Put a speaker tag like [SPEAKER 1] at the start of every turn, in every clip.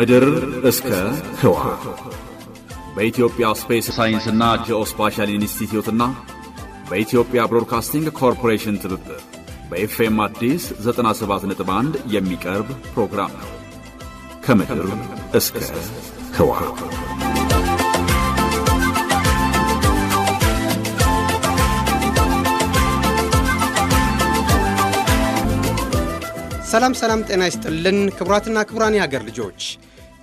[SPEAKER 1] ከምድር እስከ ህዋ በኢትዮጵያ
[SPEAKER 2] ስፔስ ሳይንስና ጂኦስፓሻል ኢንስቲትዩትና በኢትዮጵያ ብሮድካስቲንግ ኮርፖሬሽን ትብብር በኤፍኤም አዲስ 97.1 የሚቀርብ ፕሮግራም ነው። ከምድር እስከ ህዋ ሰላም ሰላም፣ ጤና ይስጥልን ክቡራትና ክቡራን የሀገር ልጆች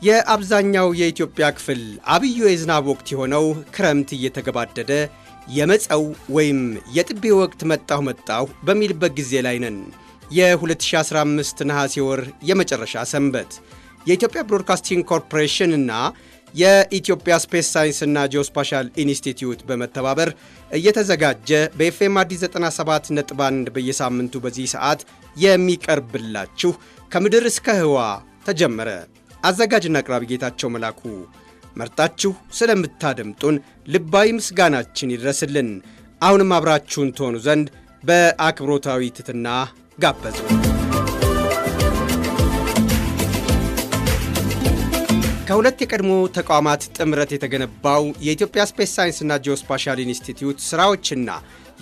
[SPEAKER 2] የአብዛኛው የኢትዮጵያ ክፍል አብዩ የዝናብ ወቅት የሆነው ክረምት እየተገባደደ የመጸው ወይም የጥቤ ወቅት መጣሁ መጣሁ በሚልበት ጊዜ ላይ ነን። የ2015 ነሐሴ ወር የመጨረሻ ሰንበት የኢትዮጵያ ብሮድካስቲንግ ኮርፖሬሽን እና የኢትዮጵያ ስፔስ ሳይንስና ጂኦስፓሻል ኢንስቲትዩት በመተባበር እየተዘጋጀ በኤፍኤም አዲስ 1 በየሳምንቱ በዚህ ሰዓት የሚቀርብላችሁ ከምድር እስከ ህዋ ተጀመረ። አዘጋጅና አቅራቢ ጌታቸው መላኩ። መርጣችሁ ስለምታደምጡን ልባዊ ምስጋናችን ይድረስልን። አሁንም አብራችሁን ትሆኑ ዘንድ በአክብሮታዊ ትትና ጋበዙ። ከሁለት የቀድሞ ተቋማት ጥምረት የተገነባው የኢትዮጵያ ስፔስ ሳይንስና ጂኦስፓሻል ኢንስቲትዩት ሥራዎችና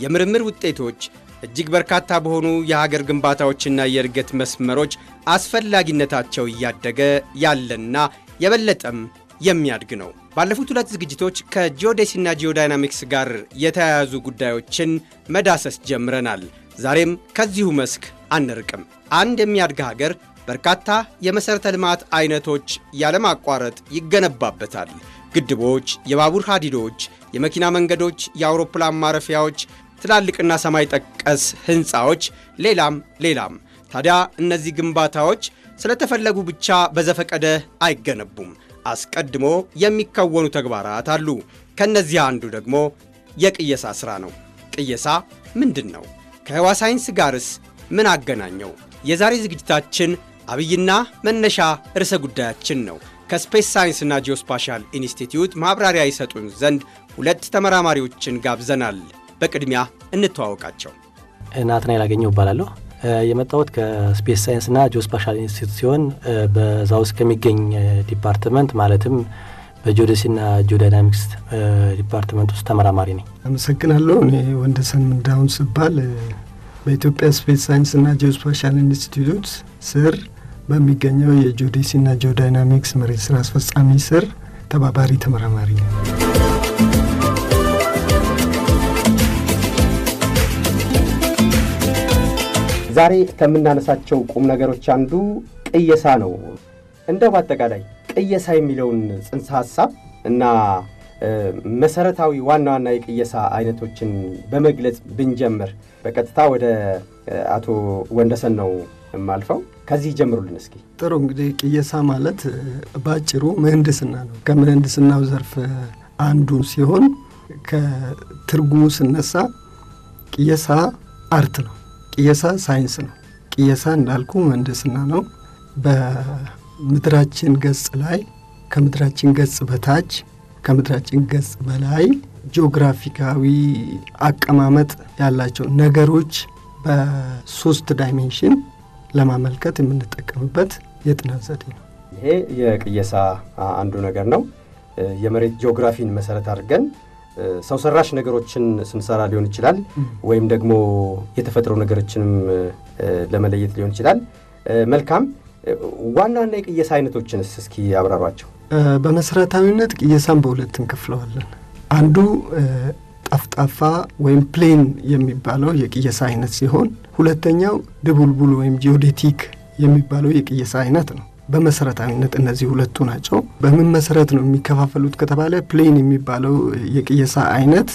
[SPEAKER 2] የምርምር ውጤቶች እጅግ በርካታ በሆኑ የሀገር ግንባታዎችና የእድገት መስመሮች አስፈላጊነታቸው እያደገ ያለና የበለጠም የሚያድግ ነው። ባለፉት ሁለት ዝግጅቶች ከጂኦዴሲና ጂኦዳይናሚክስ ጋር የተያያዙ ጉዳዮችን መዳሰስ ጀምረናል። ዛሬም ከዚሁ መስክ አንርቅም። አንድ የሚያድግ ሀገር በርካታ የመሠረተ ልማት አይነቶች ያለማቋረጥ ይገነባበታል። ግድቦች፣ የባቡር ሀዲዶች፣ የመኪና መንገዶች፣ የአውሮፕላን ማረፊያዎች፣ ትላልቅና ሰማይ ጠቀስ ህንፃዎች፣ ሌላም ሌላም። ታዲያ እነዚህ ግንባታዎች ስለተፈለጉ ብቻ በዘፈቀደ አይገነቡም። አስቀድሞ የሚከወኑ ተግባራት አሉ። ከእነዚህ አንዱ ደግሞ የቅየሳ ሥራ ነው። ቅየሳ ምንድን ነው? ከህዋ ሳይንስ ጋርስ ምን አገናኘው? የዛሬ ዝግጅታችን አብይና መነሻ ርዕሰ ጉዳያችን ነው። ከስፔስ ሳይንስና ጂኦስፓሻል ኢንስቲትዩት ማብራሪያ ይሰጡን ዘንድ ሁለት ተመራማሪዎችን ጋብዘናል። በቅድሚያ እንተዋወቃቸው።
[SPEAKER 3] ናትናኤል አገኘሁ እባላለሁ። የመጣሁት ከስፔስ ሳይንስና ጂኦስፓሻል ኢንስቲትዩት ሲሆን በዛ ውስጥ ከሚገኝ ዲፓርትመንት ማለትም ና ጂኦዳይናሚክስ ዲፓርትመንት ውስጥ ተመራማሪ ነኝ።
[SPEAKER 1] አመሰግናለሁ። እኔ ወንደሰን እንዳሁን ስባል በኢትዮጵያ ስፔስ ሳይንስና ጂኦስፓሻል ኢንስቲትዩት ስር በሚገኘው ና ጂኦዳይናሚክስ መሬት ስራ አስፈጻሚ ስር ተባባሪ ተመራማሪ ነው።
[SPEAKER 2] ዛሬ ከምናነሳቸው ቁም ነገሮች አንዱ ቅየሳ ነው። እንደው በአጠቃላይ ቅየሳ የሚለውን ጽንሰ ሀሳብ እና መሰረታዊ ዋና ዋና የቅየሳ አይነቶችን በመግለጽ ብንጀምር፣ በቀጥታ ወደ አቶ ወንደሰን ነው የማልፈው። ከዚህ ጀምሩልን እስኪ።
[SPEAKER 1] ጥሩ እንግዲህ ቅየሳ ማለት ባጭሩ ምህንድስና ነው። ከምህንድስናው ዘርፍ አንዱ ሲሆን ከትርጉሙ ስነሳ ቅየሳ አርት ነው። ቅየሳ ሳይንስ ነው። ቅየሳ እንዳልኩ መንደስና ነው። በምድራችን ገጽ ላይ ከምድራችን ገጽ በታች ከምድራችን ገጽ በላይ ጂኦግራፊካዊ አቀማመጥ ያላቸው ነገሮች በሶስት ዳይሜንሽን ለማመልከት የምንጠቀምበት የጥናት ዘዴ ነው።
[SPEAKER 2] ይሄ የቅየሳ አንዱ ነገር ነው። የመሬት ጂኦግራፊን መሰረት አድርገን ሰው ሰራሽ ነገሮችን ስንሰራ ሊሆን ይችላል፣ ወይም ደግሞ የተፈጥሮ ነገሮችንም ለመለየት ሊሆን ይችላል። መልካም ዋናና የቅየሳ አይነቶችንስ እስኪ ያብራሯቸው።
[SPEAKER 1] በመሰረታዊነት ቅየሳን በሁለት እንከፍለዋለን። አንዱ ጠፍጣፋ ወይም ፕሌን የሚባለው የቅየሳ አይነት ሲሆን ሁለተኛው ድቡልቡል ወይም ጂኦዴቲክ የሚባለው የቅየሳ አይነት ነው። በመሰረታዊነት እነዚህ ሁለቱ ናቸው። በምን መሰረት ነው የሚከፋፈሉት ከተባለ ፕሌን የሚባለው የቅየሳ አይነት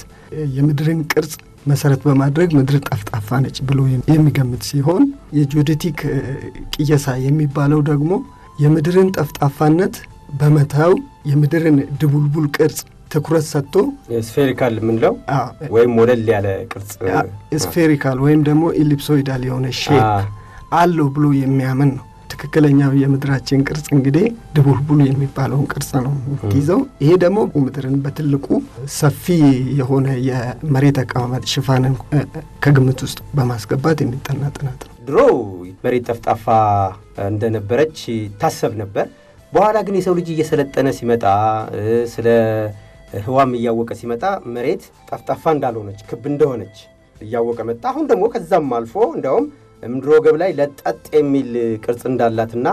[SPEAKER 1] የምድርን ቅርጽ መሰረት በማድረግ ምድር ጠፍጣፋ ነች ብሎ የሚገምት ሲሆን የጂኦዴቲክ ቅየሳ የሚባለው ደግሞ የምድርን ጠፍጣፋነት በመተው የምድርን ድቡልቡል ቅርጽ ትኩረት ሰጥቶ
[SPEAKER 2] ስፌሪካል የምንለው ወይም ወለል ያለ ቅርጽ
[SPEAKER 1] ስፌሪካል ወይም ደግሞ ኢሊፕሶይዳል የሆነ ሼፕ አለው ብሎ የሚያምን ነው። ትክክለኛው የምድራችን ቅርጽ እንግዲህ ድቡልቡል የሚባለውን ቅርጽ ነው የምትይዘው። ይሄ ደግሞ ምድርን በትልቁ ሰፊ የሆነ የመሬት አቀማመጥ ሽፋንን ከግምት ውስጥ በማስገባት የሚጠና ጥናት
[SPEAKER 2] ነው። ድሮ መሬት ጠፍጣፋ እንደነበረች ይታሰብ ነበር። በኋላ ግን የሰው ልጅ እየሰለጠነ ሲመጣ ስለ ህዋም እያወቀ ሲመጣ መሬት ጠፍጣፋ እንዳልሆነች ክብ እንደሆነች እያወቀ መጣ። አሁን ደግሞ ከዛም አልፎ እንዲያውም ምድረ ወገብ ላይ ለጠጥ የሚል ቅርጽ እንዳላትና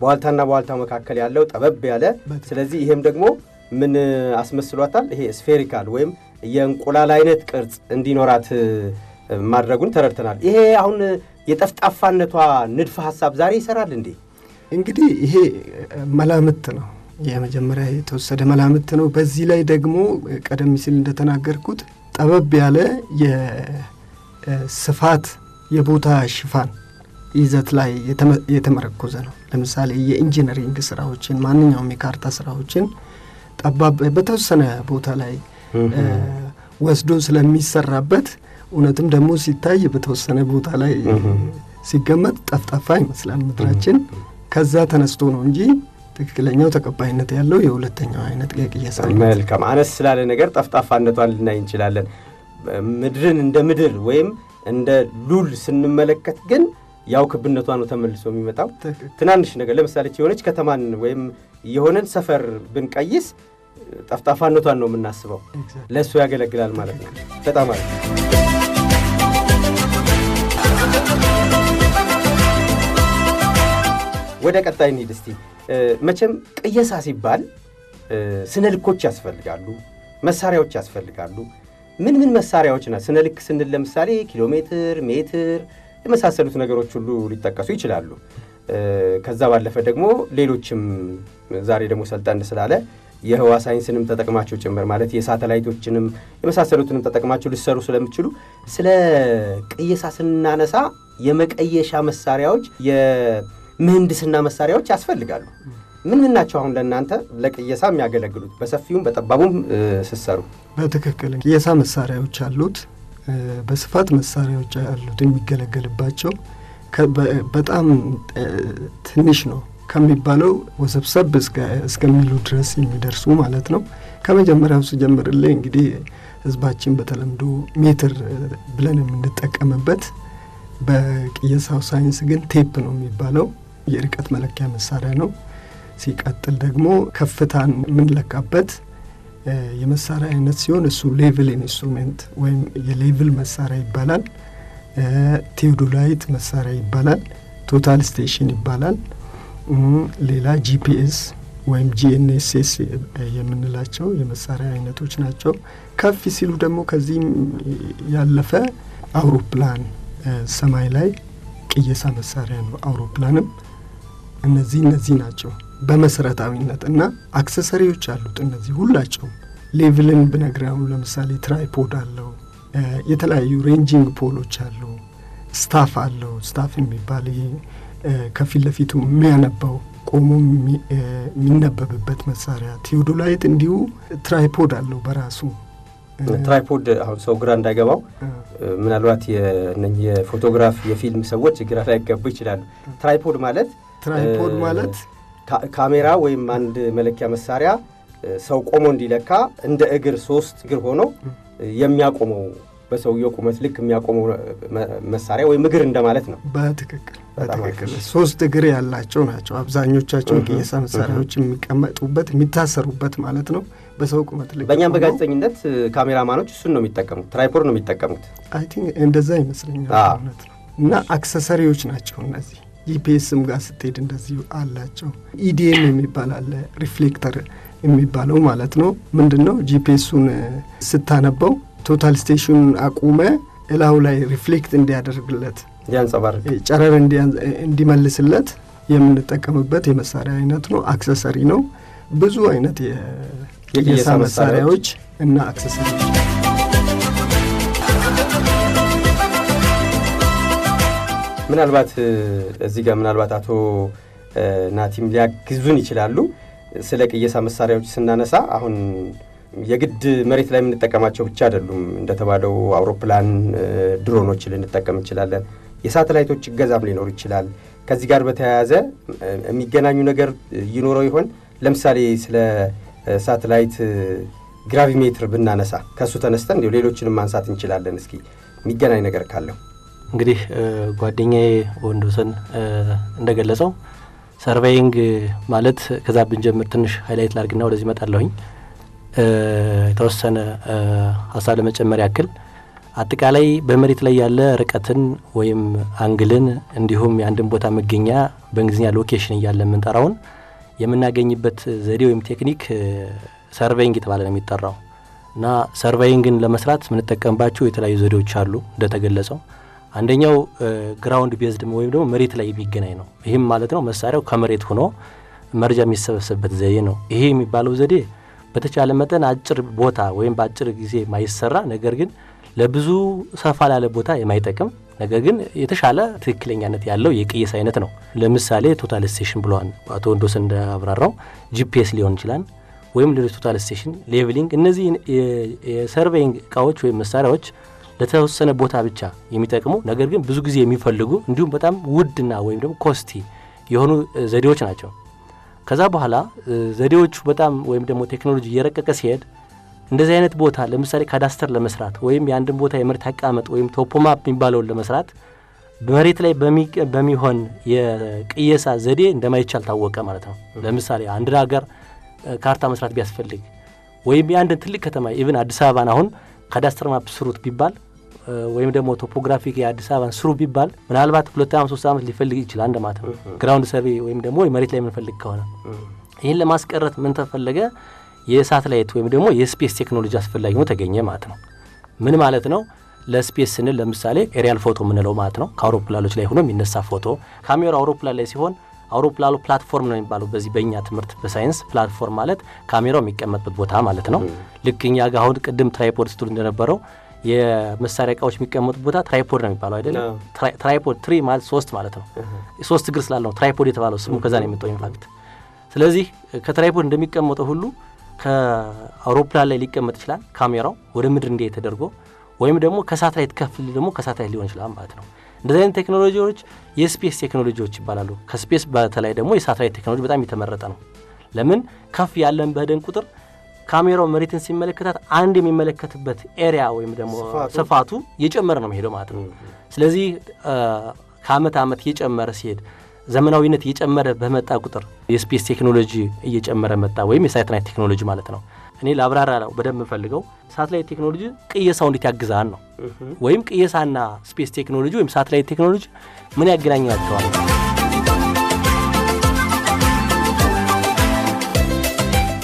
[SPEAKER 2] በዋልታና በዋልታ መካከል ያለው ጠበብ ያለ ስለዚህ ይሄም ደግሞ ምን አስመስሏታል? ይሄ ስፌሪካል ወይም የእንቁላል አይነት ቅርጽ እንዲኖራት ማድረጉን ተረድተናል። ይሄ አሁን የጠፍጣፋነቷ ንድፈ ሀሳብ ዛሬ ይሰራል እንዴ? እንግዲህ
[SPEAKER 1] ይሄ መላምት ነው። የመጀመሪያ የተወሰደ መላምት ነው። በዚህ ላይ ደግሞ ቀደም ሲል እንደተናገርኩት ጠበብ ያለ የስፋት የቦታ ሽፋን ይዘት ላይ የተመረኮዘ ነው። ለምሳሌ የኢንጂነሪንግ ስራዎችን ማንኛውም የካርታ ስራዎችን ጠባብ በተወሰነ ቦታ ላይ ወስዶ ስለሚሰራበት እውነትም ደግሞ ሲታይ በተወሰነ ቦታ ላይ ሲገመጥ ጠፍጣፋ ይመስላል ምድራችን። ከዛ ተነስቶ ነው እንጂ ትክክለኛው ተቀባይነት ያለው የሁለተኛው አይነት ቅየሳ። መልካም
[SPEAKER 2] አነስ ስላለ ነገር ጠፍጣፋነቷን ልናይ እንችላለን። ምድርን እንደ ምድር ወይም እንደ ሉል ስንመለከት ግን ያው ክብነቷ ነው ተመልሶ የሚመጣው። ትናንሽ ነገር ለምሳሌ የሆነች ከተማን ወይም የሆነን ሰፈር ብንቀይስ ጠፍጣፋነቷን ነው የምናስበው። ለእሱ ያገለግላል ማለት ነው። በጣም አለ ወደ ቀጣይ እንሂድ እስቲ። መቼም ቅየሳ ሲባል ስነ ልኮች ያስፈልጋሉ፣ መሳሪያዎች ያስፈልጋሉ ምን ምን መሳሪያዎች ናት? ስነ ልክ ስንል ለምሳሌ ኪሎ ሜትር፣ ሜትር የመሳሰሉት ነገሮች ሁሉ ሊጠቀሱ ይችላሉ። ከዛ ባለፈ ደግሞ ሌሎችም ዛሬ ደግሞ ሰልጠን ስላለ የህዋ ሳይንስንም ተጠቅማቸው ጭምር ማለት የሳተላይቶችንም የመሳሰሉትንም ተጠቅማቸው ሊሰሩ ስለሚችሉ ስለ ቅየሳ ስናነሳ የመቀየሻ መሳሪያዎች፣ የምህንድስና መሳሪያዎች ያስፈልጋሉ። ምን ምን ናቸው አሁን ለእናንተ ለቅየሳ የሚያገለግሉት በሰፊውም በጠባቡም ስሰሩ?
[SPEAKER 1] በትክክል ቅየሳ መሳሪያዎች አሉት፣ በስፋት መሳሪያዎች አሉት የሚገለገልባቸው። በጣም ትንሽ ነው ከሚባለው ወሰብሰብ እስከሚሉ ድረስ የሚደርሱ ማለት ነው። ከመጀመሪያው ስጀምርልህ እንግዲህ ህዝባችን በተለምዶ ሜትር ብለን የምንጠቀምበት በቅየሳው ሳይንስ ግን ቴፕ ነው የሚባለው የርቀት መለኪያ መሳሪያ ነው። ሲቀጥል ደግሞ ከፍታን የምንለካበት የመሳሪያ አይነት ሲሆን እሱ ሌቭል ኢንስትሩሜንት ወይም የሌቭል መሳሪያ ይባላል። ቴዎዶላይት መሳሪያ ይባላል። ቶታል ስቴሽን ይባላል። ሌላ ጂፒኤስ ወይም ጂኤንኤስኤስ የምንላቸው የመሳሪያ አይነቶች ናቸው። ከፍ ሲሉ ደግሞ ከዚህም ያለፈ አውሮፕላን ሰማይ ላይ ቅየሳ መሳሪያ ነው። አውሮፕላንም እነዚህ እነዚህ ናቸው በመሰረታዊነት እና አክሰሰሪዎች አሉት። እነዚህ ሁላቸውም ሌቭልን ብነግረው ለምሳሌ ትራይፖድ አለው፣ የተለያዩ ሬንጂንግ ፖሎች አለው፣ ስታፍ አለው። ስታፍ የሚባል ከፊት ለፊቱ የሚያነባው ቆሞ የሚነበብበት መሳሪያ። ቴዎዶላይት እንዲሁ ትራይፖድ አለው በራሱ
[SPEAKER 2] ትራይፖድ አሁን ሰው ግራ እንዳይገባው ምናልባት የፎቶግራፍ የፊልም ሰዎች ግራ ላይገቡ ይችላሉ። ትራይፖድ ማለት ትራይፖድ ማለት ካሜራ ወይም አንድ መለኪያ መሳሪያ ሰው ቆሞ እንዲለካ እንደ እግር ሶስት እግር ሆኖ የሚያቆመው በሰውየው ቁመት ልክ የሚያቆመው መሳሪያ ወይም እግር እንደማለት ነው።
[SPEAKER 1] በትክክል በትክክል ሶስት እግር ያላቸው ናቸው አብዛኞቻቸው ቅየሳ መሳሪያዎች የሚቀመጡበት የሚታሰሩበት ማለት ነው። በሰው ቁመት ልክ በእኛም
[SPEAKER 2] በጋዜጠኝነት ካሜራማኖች እሱን ነው የሚጠቀሙት፣ ትራይፖድ ነው የሚጠቀሙት።
[SPEAKER 1] አይ ቲንክ እንደዛ ይመስለኛል እና አክሰሰሪዎች ናቸው እነዚህ ጂፒኤስም ጋር ስትሄድ እንደዚሁ አላቸው። ኢዲኤም የሚባል አለ፣ ሪፍሌክተር የሚባለው ማለት ነው። ምንድን ነው ጂፒኤሱን ስታነበው ቶታል ስቴሽኑን አቁመ እላው ላይ ሪፍሌክት እንዲያደርግለት ጨረር እንዲመልስለት የምንጠቀምበት የመሳሪያ አይነት ነው። አክሰሰሪ ነው። ብዙ አይነት የጌሳ መሳሪያዎች እና አክሰሰሪዎች
[SPEAKER 2] ምናልባት እዚህ ጋር ምናልባት አቶ ናቲም ሊያግዙን ይችላሉ። ስለ ቅየሳ መሳሪያዎች ስናነሳ አሁን የግድ መሬት ላይ የምንጠቀማቸው ብቻ አይደሉም። እንደተባለው አውሮፕላን፣ ድሮኖች ልንጠቀም እንችላለን። የሳተላይቶች እገዛም ሊኖር ይችላል። ከዚህ ጋር በተያያዘ የሚገናኙ ነገር ይኖረው ይሆን? ለምሳሌ ስለ ሳተላይት ግራቪሜትር ብናነሳ ከእሱ ተነስተን ሌሎችንም ማንሳት እንችላለን። እስኪ የሚገናኝ ነገር ካለው
[SPEAKER 3] እንግዲህ ጓደኛዬ ወንዶሰን እንደገለጸው ሰርቬይንግ ማለት ከዛ ብንጀምር ትንሽ ሀይላይት ላርግና ወደዚህ መጣለሁኝ። የተወሰነ ሀሳብ ለመጨመር ያክል አጠቃላይ በመሬት ላይ ያለ ርቀትን ወይም አንግልን እንዲሁም የአንድን ቦታ መገኛ በእንግሊዝኛ ሎኬሽን እያለ የምንጠራውን የምናገኝበት ዘዴ ወይም ቴክኒክ ሰርቬይንግ የተባለ ነው የሚጠራው እና ሰርቬይንግን ለመስራት የምንጠቀምባቸው የተለያዩ ዘዴዎች አሉ እንደተገለጸው አንደኛው ግራውንድ ቤዝድ ወይም ደግሞ መሬት ላይ የሚገናኝ ነው። ይህም ማለት ነው መሳሪያው ከመሬት ሆኖ መረጃ የሚሰበሰብበት ዘዴ ነው። ይሄ የሚባለው ዘዴ በተቻለ መጠን አጭር ቦታ ወይም በአጭር ጊዜ ማይሰራ ነገር ግን ለብዙ ሰፋ ላለ ቦታ የማይጠቅም ነገር ግን የተሻለ ትክክለኛነት ያለው የቅየስ አይነት ነው። ለምሳሌ ቶታል ስቴሽን ብለዋል አቶ ወንዶስ እንዳብራራው ጂፒኤስ ሊሆን ይችላል ወይም ሌሎች ቶታል ስቴሽን ሌቭሊንግ፣ እነዚህ የሰርቬይንግ እቃዎች ወይም መሳሪያዎች ለተወሰነ ቦታ ብቻ የሚጠቅሙ ነገር ግን ብዙ ጊዜ የሚፈልጉ እንዲሁም በጣም ውድና ወይም ደግሞ ኮስቲ የሆኑ ዘዴዎች ናቸው። ከዛ በኋላ ዘዴዎቹ በጣም ወይም ደግሞ ቴክኖሎጂ እየረቀቀ ሲሄድ እንደዚህ አይነት ቦታ ለምሳሌ ካዳስተር ለመስራት ወይም የአንድን ቦታ የመሬት አቀማመጥ ወይም ቶፖማ የሚባለውን ለመስራት መሬት ላይ በሚሆን የቅየሳ ዘዴ እንደማይቻል ታወቀ ማለት ነው። ለምሳሌ አንድ ሀገር ካርታ መስራት ቢያስፈልግ ወይም የአንድን ትልቅ ከተማ ኢቭን አዲስ አበባን አሁን ካዳስተር ማፕ ስሩት ቢባል ወይም ደግሞ ቶፖግራፊክ የአዲስ አበባን ስሩ ቢባል ምናልባት ሁለት ዓመት ሶስት ዓመት ሊፈልግ ይችላል እንደማለት ነው። ግራውንድ ሰርቬ ወይም ደግሞ መሬት ላይ የምንፈልግ ከሆነ ይህን ለማስቀረት ምን ተፈለገ? የሳተላይት ወይም ደግሞ የስፔስ ቴክኖሎጂ አስፈላጊ ሆኖ ተገኘ ማለት ነው። ምን ማለት ነው? ለስፔስ ስንል ለምሳሌ ኤሪያል ፎቶ የምንለው ማለት ነው። ከአውሮፕላኖች ላይ ሆኖ የሚነሳ ፎቶ ካሜራ አውሮፕላን ላይ ሲሆን አውሮፕላኑ ፕላትፎርም ነው የሚባለው። በዚህ በእኛ ትምህርት በሳይንስ ፕላትፎርም ማለት ካሜራው የሚቀመጥበት ቦታ ማለት ነው። ልክ እኛ ጋር አሁን ቅድም ትራይፖድ ስትሉ እንደነበረው የመሳሪያ እቃዎች የሚቀመጡ ቦታ ትራይፖድ ነው የሚባለው አይደለም። ትራይፖድ ትሪ ማለት ሶስት ማለት ነው። ሶስት እግር ስላለው ትራይፖድ የተባለው ስሙ ከዛ ነው የመጣው ኢንፋክት። ስለዚህ ከትራይፖድ እንደሚቀመጠው ሁሉ ከአውሮፕላን ላይ ሊቀመጥ ይችላል ካሜራው ወደ ምድር እንዲህ ተደርጎ ወይም ደግሞ ከሳተላይት ከፍ ደግሞ ከሳተላይት ሊሆን ይችላል ማለት ነው። እንደዚህ አይነት ቴክኖሎጂዎች የስፔስ ቴክኖሎጂዎች ይባላሉ። ከስፔስ በተለይ ደግሞ የሳተላይት ቴክኖሎጂ በጣም የተመረጠ ነው። ለምን ከፍ ያለን በደን ቁጥር ካሜራው መሬትን ሲመለከታት አንድ የሚመለከትበት ኤሪያ ወይም ደግሞ ስፋቱ እየጨመረ ነው መሄደው ማለት ነው። ስለዚህ ከአመት አመት እየጨመረ ሲሄድ ዘመናዊነት እየጨመረ በመጣ ቁጥር የስፔስ ቴክኖሎጂ እየጨመረ መጣ፣ ወይም የሳተላይት ቴክኖሎጂ ማለት ነው። እኔ ላብራራ ነው በደንብ የምፈልገው ሳተላይት ቴክኖሎጂ ቅየሳው እንዴት ያግዛን ነው፣ ወይም ቅየሳና ስፔስ ቴክኖሎጂ ወይም ሳተላይት ቴክኖሎጂ ምን ያገናኛቸዋል?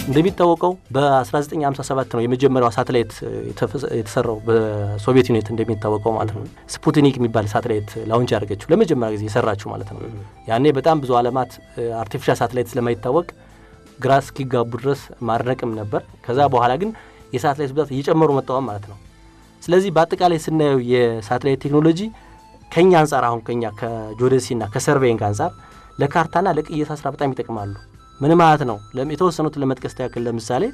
[SPEAKER 3] እንደሚታወቀው በ1957 ነው የመጀመሪያው ሳተላይት የተሰራው በሶቪየት ዩኒት እንደሚታወቀው ማለት ነው። ስፑትኒክ የሚባል ሳተላይት ላውንች ያደርገችው ለመጀመሪያ ጊዜ የሰራችው ማለት ነው። ያኔ በጣም ብዙ አለማት አርቲፊሻል ሳተላይት ስለማይታወቅ ግራ እስኪጋቡ ድረስ ማድነቅም ነበር። ከዛ በኋላ ግን የሳተላይት ብዛት እየጨመሩ መጣዋም ማለት ነው። ስለዚህ በአጠቃላይ ስናየው የሳተላይት ቴክኖሎጂ ከኛ አንጻር አሁን ከኛ ና ከሰርቬይንግ አንጻር ለካርታና ለቅየሳ ስራ በጣም ይጠቅማሉ። ምን ማለት ነው? የተወሰኑት ለመጥቀስ ያክል ለምሳሌ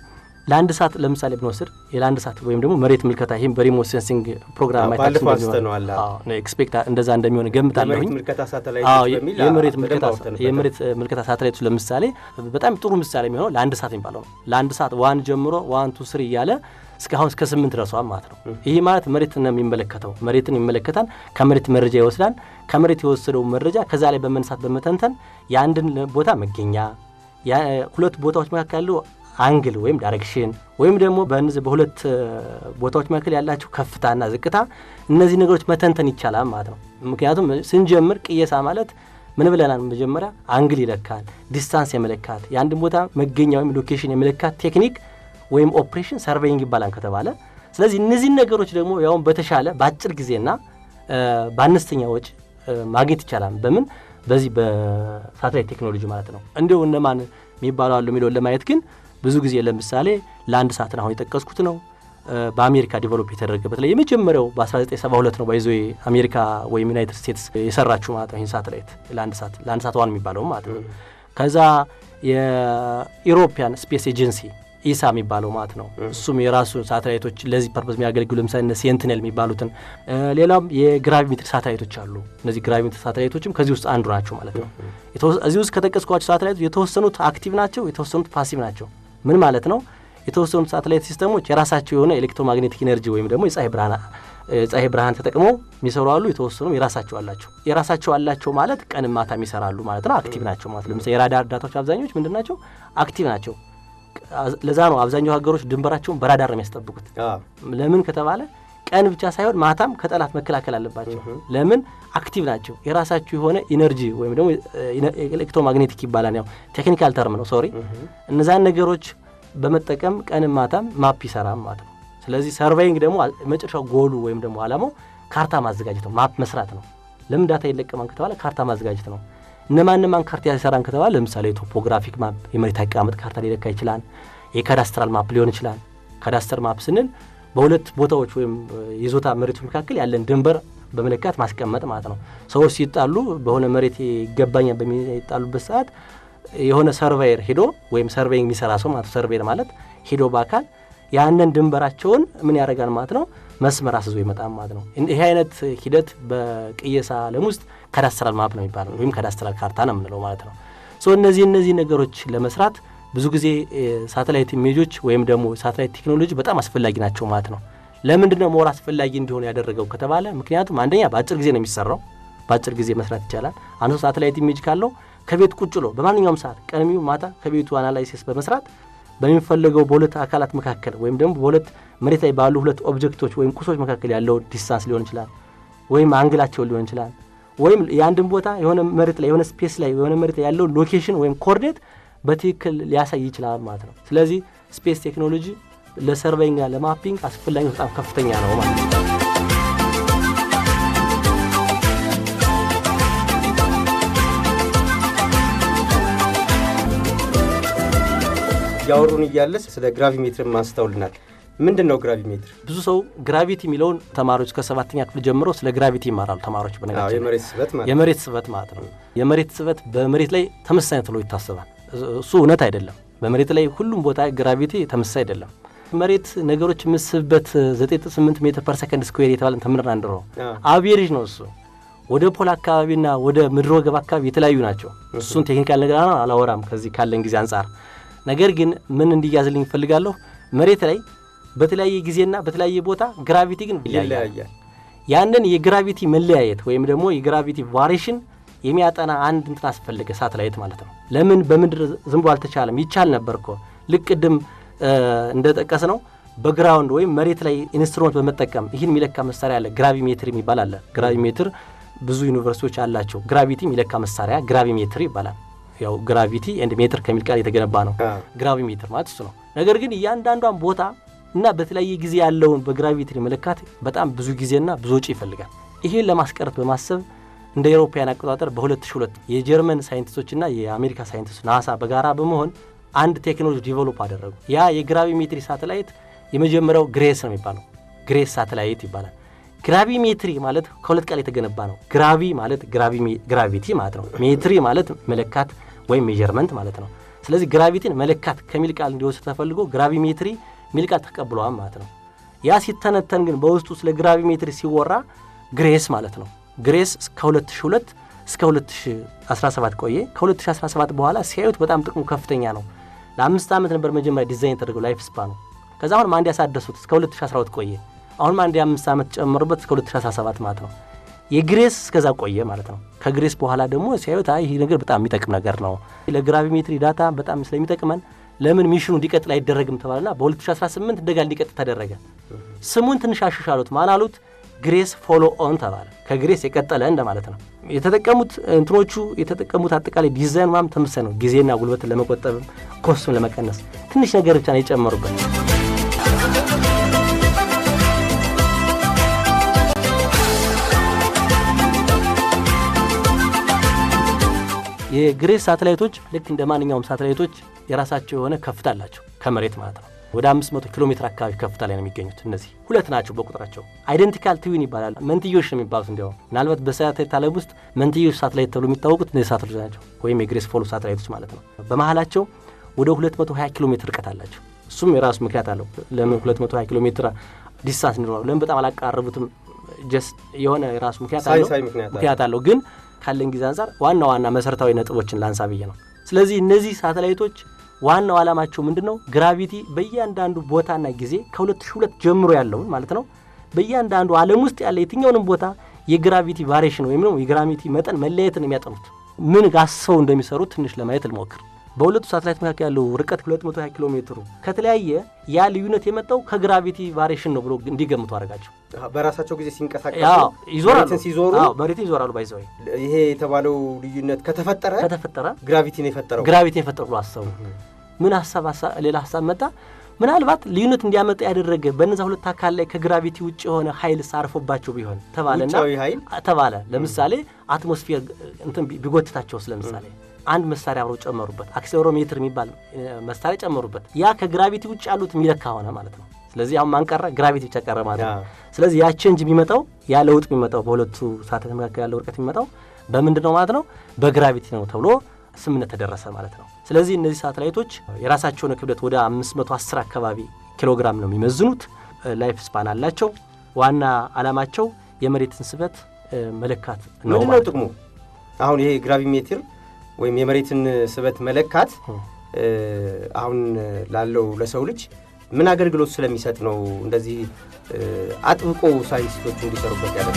[SPEAKER 3] ለአንድ ሰዓት ለምሳሌ ብንወስድ የለአንድ ሰዓት ወይም ደግሞ መሬት ምልከታ ይህም በሪሞት ሴንሲንግ ፕሮግራም ኤክስፔክት እንደዛ እንደሚሆን ገምታለሁኝ። የመሬት ምልከታ ሳተላይቶች ለምሳሌ በጣም ጥሩ ምሳሌ የሚሆነው ለአንድ ሰዓት የሚባለው ነው። ለአንድ ሰዓት ዋን ጀምሮ ዋን ቱ ስሪ እያለ እስካሁን እስከ ስምንት ደርሷል ማለት ነው። ይህ ማለት መሬት ነው የሚመለከተው። መሬትን ይመለከታል። ከመሬት መረጃ ይወስዳል። ከመሬት የወሰደው መረጃ ከዛ ላይ በመንሳት በመተንተን የአንድን ቦታ መገኛ ሁለት ቦታዎች መካከል ያለው አንግል ወይም ዳይሬክሽን ወይም ደግሞ በእነዚህ በሁለት ቦታዎች መካከል ያላቸው ከፍታና ዝቅታ እነዚህ ነገሮች መተንተን ይቻላል ማለት ነው። ምክንያቱም ስንጀምር ቅየሳ ማለት ምን ብለናል? መጀመሪያ አንግል ይለካል፣ ዲስታንስ የመለካት የአንድን ቦታ መገኛ ወይም ሎኬሽን የመለካት ቴክኒክ ወይም ኦፕሬሽን ሰርቬይንግ ይባላል ከተባለ ስለዚህ እነዚህን ነገሮች ደግሞ ያውም በተሻለ በአጭር ጊዜና በአነስተኛ ወጪ ማግኘት ይቻላል። በምን በዚህ በሳተላይት ቴክኖሎጂ ማለት ነው። እንዲሁ እነማን የሚባሉ አሉ የሚለውን ለማየት ግን ብዙ ጊዜ ለምሳሌ ለአንድ ሳትን አሁን የጠቀስኩት ነው በአሜሪካ ዲቨሎፕ የተደረገ በተለይ የመጀመሪያው በ1972 ነው ባይዞ አሜሪካ ወይም ዩናይትድ ስቴትስ የሰራችው ማለት ነው። ይህን ሳተላይት ለአንድ ሳት ለአንድ ሳት ዋን የሚባለውም ማለት ነው። ከዛ የኢሮፒያን ስፔስ ኤጀንሲ ኢሳ የሚባለው ማለት ነው። እሱም የራሱ ሳተላይቶች ለዚህ ፐርፐዝ የሚያገለግሉ ለምሳሌ እነ ሴንትኔል የሚባሉትን ሌላም የግራቪሜትር ሳተላይቶች አሉ። እነዚህ ግራቪሜትር ሳተላይቶችም ከዚህ ውስጥ አንዱ ናቸው ማለት ነው። እዚህ ውስጥ ከጠቀስኳቸው ሳተላይቶች የተወሰኑት አክቲቭ ናቸው፣ የተወሰኑት ፓሲቭ ናቸው። ምን ማለት ነው? የተወሰኑት ሳተላይት ሲስተሞች የራሳቸው የሆነ ኤሌክትሮማግኔቲክ ኢነርጂ ወይም ደግሞ የፀሐይ ብርሃን ፀሐይ ብርሃን ተጠቅመው የሚሰሩ አሉ። የተወሰኑ የራሳቸው አላቸው። የራሳቸው አላቸው ማለት ቀን ማታ ይሰራሉ ማለት ነው። አክቲቭ ናቸው ማለት ለምሳሌ የራዳር ዳታዎች አብዛኞች ምንድን ናቸው? አክቲቭ ናቸው። ለዛ ነው አብዛኛው ሀገሮች ድንበራቸውን በራዳር ነው የሚያስጠብቁት። ለምን ከተባለ ቀን ብቻ ሳይሆን ማታም ከጠላት መከላከል አለባቸው። ለምን አክቲቭ ናቸው። የራሳችሁ የሆነ ኢነርጂ ወይም ደግሞ ኤሌክትሮማግኔቲክ ይባላል። ያው ቴክኒካል ተርም ነው ሶሪ። እነዛን ነገሮች በመጠቀም ቀንም ማታም ማፕ ይሰራም ማለት ነው። ስለዚህ ሰርቬይንግ ደግሞ መጨረሻው ጎሉ ወይም ደግሞ አላማው ካርታ ማዘጋጀት ነው፣ ማፕ መስራት ነው። ለምን ዳታ ይለቀማል ከተባለ ካርታ ማዘጋጀት ነው። እነማን እነማን ካርታ ያሰራን ከተባለ ለምሳሌ የቶፖግራፊክ ማፕ የመሬት አቀማመጥ ካርታ ሊለካ ይችላል። የካዳስትራል ማፕ ሊሆን ይችላል። ካዳስተር ማፕ ስንል በሁለት ቦታዎች ወይም ይዞታ መሬቶች መካከል ያለን ድንበር በመለካት ማስቀመጥ ማለት ነው። ሰዎች ሲጣሉ በሆነ መሬት ይገባኛል በሚጣሉበት ሰዓት የሆነ ሰርቬየር ሄዶ ወይም ሰርቬይ የሚሰራ ሰው ማለት ማለት ሄዶ በአካል ያንን ድንበራቸውን ምን ያደርጋል ማለት ነው መስመር አስዞ ይመጣል ማለት ነው። ይህ አይነት ሂደት በቅየሳ ዓለም ውስጥ ካዳስተራል ማፕ ነው የሚባለው ወይም ካዳስተራል ካርታ ነው የምንለው ማለት ነው። ሶ እነዚህ እነዚህ ነገሮች ለመስራት ብዙ ጊዜ ሳተላይት ኢሜጆች ወይም ደግሞ ሳተላይት ቴክኖሎጂ በጣም አስፈላጊ ናቸው ማለት ነው። ለምንድን ነው መወር አስፈላጊ እንዲሆን ያደረገው ከተባለ ምክንያቱም አንደኛ በአጭር ጊዜ ነው የሚሰራው፣ በአጭር ጊዜ መስራት ይቻላል። አንዱ ሳተላይት ኢሜጅ ካለው ከቤት ቁጭ ብሎ በማንኛውም ሰዓት ቀንሚው ማታ ከቤቱ አናላይሲስ በመስራት በሚፈለገው በሁለት አካላት መካከል ወይም ደግሞ በሁለት መሬት ላይ ባሉ ሁለት ኦብጀክቶች ወይም ቁሶች መካከል ያለው ዲስታንስ ሊሆን ይችላል፣ ወይም አንግላቸው ሊሆን ይችላል፣ ወይም የአንድን ቦታ የሆነ መሬት ላይ የሆነ ስፔስ ላይ የሆነ መሬት ላይ ያለው ሎኬሽን ወይም ኮርዲኔት በትክክል ሊያሳይ ይችላል ማለት ነው። ስለዚህ ስፔስ ቴክኖሎጂ ለሰርቬይና ለማፒንግ አስፈላጊ በጣም ከፍተኛ ነው ማለት ነው። ያወሩን እያለ ስለ ግራቪሜትር ማስተውልናል። ምንድን ነው ግራቪሜትር? ብዙ ሰው ግራቪቲ የሚለውን ተማሪዎች ከሰባተኛ ክፍል ጀምሮ ስለ ግራቪቲ ይማራሉ ተማሪዎች። የመሬት ስበት ማለት ነው። የመሬት ስበት በመሬት ላይ ተመሳሳይ ትሎ ይታሰባል። እሱ እውነት አይደለም። በመሬት ላይ ሁሉም ቦታ ግራቪቲ ተመሳሳይ አይደለም። መሬት ነገሮች የምስብበት 98 ሜትር ፐር ሰከንድ ስኩዌር የተባለ ተምረን አንድሮ አቬሬጅ ነው እሱ። ወደ ፖል አካባቢና ወደ ምድር ወገብ አካባቢ የተለያዩ ናቸው። እሱን ቴክኒካል ነገር አላወራም ከዚህ ካለን ጊዜ አንጻር ነገር ግን ምን እንዲያዝልኝ እፈልጋለሁ፣ መሬት ላይ በተለያየ ጊዜና በተለያየ ቦታ ግራቪቲ ግን ይለያያል። ያንን የግራቪቲ መለያየት ወይም ደግሞ የግራቪቲ ቫሬሽን የሚያጠና አንድ እንትን አስፈልገ ሳተላይት ማለት ነው። ለምን በምድር ዝንቦ አልተቻለም? ይቻል ነበር እኮ ልቅ ቅድም እንደጠቀስ ነው በግራውንድ ወይም መሬት ላይ ኢንስትሩመንት በመጠቀም ይህን የሚለካ መሳሪያ አለ፣ ግራቪሜትር የሚባል አለ። ግራቪሜትር ብዙ ዩኒቨርሲቲዎች አላቸው። ግራቪቲ የሚለካ መሳሪያ ግራቪሜትር ይባላል። ያው ግራቪቲ ንድ ሜትር ከሚል ቃል የተገነባ ነው። ግራቪ ሜትር ማለት እሱ ነው። ነገር ግን እያንዳንዷን ቦታ እና በተለያየ ጊዜ ያለውን በግራቪቲ መለካት በጣም ብዙ ጊዜና ብዙ ወጪ ይፈልጋል። ይህን ለማስቀረት በማሰብ እንደ ኤሮፓያን አቆጣጠር በ2002 የጀርመን ና የአሜሪካ ሳይንቲስቶች ናሳ በጋራ በመሆን አንድ ቴክኖሎጂ ዲቨሎፕ አደረጉ። ያ የግራቪሜትሪ ሳተላይት የመጀመሪያው ግሬስ ነው የሚባለው። ግሬስ ሳተላይት ይባላል። ሜትሪ ማለት ከሁለት ቃል የተገነባ ነው። ግራቪ ማለት ግራቪቲ ማለት ነው። ሜትሪ ማለት መለካት ወይም ሜጀርመንት ማለት ነው። ስለዚህ ግራቪቲን መለካት ከሚል ቃል እንዲወስድ ተፈልጎ ግራቪሜትሪ ሚል ቃል ተቀብለዋል ማለት ነው። ያ ሲተነተን ግን በውስጡ ስለ ግራቪሜትሪ ሲወራ ግሬስ ማለት ነው። ግሬስ ከ2002 እስከ 2017 ቆየ። ከ2017 በኋላ ሲያዩት በጣም ጥቅሙ ከፍተኛ ነው። ለአምስት ዓመት ነበር መጀመሪያ ዲዛይን የተደረገው ላይፍ ስፓ ነው። ከዛ አሁንም አንድ ያሳደሱት እስከ 2012 ቆየ። አሁንም አንድ የአምስት ዓመት ጨምሩበት እስከ 2017 ማለት ነው። የግሬስ እስከዛ ቆየ ማለት ነው። ከግሬስ በኋላ ደግሞ ሲያዩት ይህ ነገር በጣም የሚጠቅም ነገር ነው ለግራቪሜትሪ ዳታ በጣም ስለሚጠቅመን ለምን ሚሽኑ እንዲቀጥል አይደረግም ተባለና በ2018 እንደጋ እንዲቀጥል ተደረገ። ስሙን ትንሽ አሻሻሉት። ማን አሉት? ግሬስ ፎሎ ኦን ተባለ። ከግሬስ የቀጠለ እንደማለት ነው። የተጠቀሙት እንትኖቹ የተጠቀሙት አጠቃላይ ዲዛይን ማም ተመሳሳይ ነው። ጊዜና ጉልበትን ለመቆጠብም ኮስቱን ለመቀነስ ትንሽ ነገር ብቻ ነው የጨመሩበት። የግሬስ ሳተላይቶች ልክ እንደ ማንኛውም ሳተላይቶች የራሳቸው የሆነ ከፍታ አላቸው ከመሬት ማለት ነው። ወደ 500 ኪሎ ሜትር አካባቢ ከፍታ ላይ ነው የሚገኙት። እነዚህ ሁለት ናቸው በቁጥራቸው። አይደንቲካል ትዊን ይባላል። መንትዮሽ ነው የሚባሉት። እንዲያውም ምናልባት በሳተላይት ዓለም ውስጥ መንትዮሽ ሳተላይት ተብሎ የሚታወቁት እነዚህ ሳተላይቶች ናቸው፣ ወይም የግሬስ ፎሎ ሳተላይቶች ማለት ነው። በመሀላቸው ወደ 220 ኪሎ ሜትር ርቀት አላቸው። እሱም የራሱ ምክንያት አለው። ለምን 220 ኪሎ ሜትር ዲስታንስ እንዲኖረው ለምን በጣም አላቃረቡትም? ጀስ የሆነ የራሱ ምክንያት አለው ምክንያት አለው። ግን ካለን ጊዜ አንጻር ዋና ዋና መሰረታዊ ነጥቦችን ላንሳ ብዬ ነው። ስለዚህ እነዚህ ሳተላይቶች ዋናው ዓላማቸው ምንድን ነው? ግራቪቲ በእያንዳንዱ ቦታና ጊዜ ከ2002 ጀምሮ ያለውን ማለት ነው በእያንዳንዱ ዓለም ውስጥ ያለ የትኛውንም ቦታ የግራቪቲ ቫሪሽን ወይም ደግሞ የግራቪቲ መጠን መለያየትን የሚያጠኑት ምን ጋሰው እንደሚሰሩት ትንሽ ለማየት ልሞክር። በሁለቱ ሳተላይት መካከል ያለው ርቀት 220 ኪሎ ሜትሩ ከተለያየ ያ ልዩነት የመጣው ከግራቪቲ ቫሪሽን ነው ብሎ እንዲገምቱ አደረጋቸው።
[SPEAKER 2] በራሳቸው ጊዜ ሲንቀሳቀሱ ሲዞሩ መሬት ይዞራሉ። ባይዘ ይሄ
[SPEAKER 3] የተባለው ልዩነት ከተፈጠረ ከተፈጠረ ግራቪቲ ነው የፈጠረው ግራቪቲ የፈጠረው ብሎ አሰቡ። ምን ሀሳብ ሌላ ሀሳብ መጣ። ምናልባት ልዩነት እንዲያመጣ ያደረገ በነዛ ሁለት አካል ላይ ከግራቪቲ ውጭ የሆነ ኃይል ሳርፎባቸው ቢሆን ተባለና ተባለ። ለምሳሌ አትሞስፌር እንትን ቢጎትታቸውስ አንድ መሳሪያ አብረው ጨመሩበት። አክሴለሮሜትር የሚባል መሳሪያ ጨመሩበት። ያ ከግራቪቲ ውጭ ያሉት የሚለካ ሆነ ማለት ነው። ስለዚህ አሁን ማን ቀረ? ግራቪቲ ብቻ ቀረ ማለት ነው። ስለዚህ ያ ቼንጅ የሚመጣው ያ ለውጥ የሚመጣው በሁለቱ ሳተላይት መካከል ያለው ርቀት የሚመጣው በምንድን ነው ማለት ነው? በግራቪቲ ነው ተብሎ ስምምነት ተደረሰ ማለት ነው። ስለዚህ እነዚህ ሳተላይቶች የራሳቸውን ክብደት ወደ 510 አካባቢ ኪሎግራም ነው የሚመዝኑት። ላይፍ ስፓን አላቸው። ዋና ዓላማቸው የመሬትን ስበት መለካት ነው። ምንድነው
[SPEAKER 2] ጥቅሙ? አሁን ይሄ ግራቪሜትር ወይም የመሬትን ስበት መለካት አሁን ላለው ለሰው ልጅ ምን አገልግሎት ስለሚሰጥ ነው እንደዚህ አጥብቆ ሳይንቲስቶቹ እንዲሰሩበት ያደረ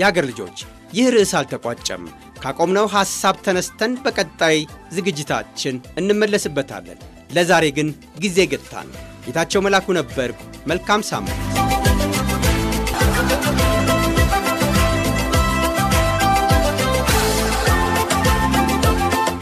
[SPEAKER 2] የአገር ልጆች ይህ ርዕስ አልተቋጨም። ካቆምነው ሐሳብ ተነስተን በቀጣይ ዝግጅታችን እንመለስበታለን። ለዛሬ ግን ጊዜ ገጥታን ጌታቸው መላኩ ነበርኩ። መልካም ሳምንት።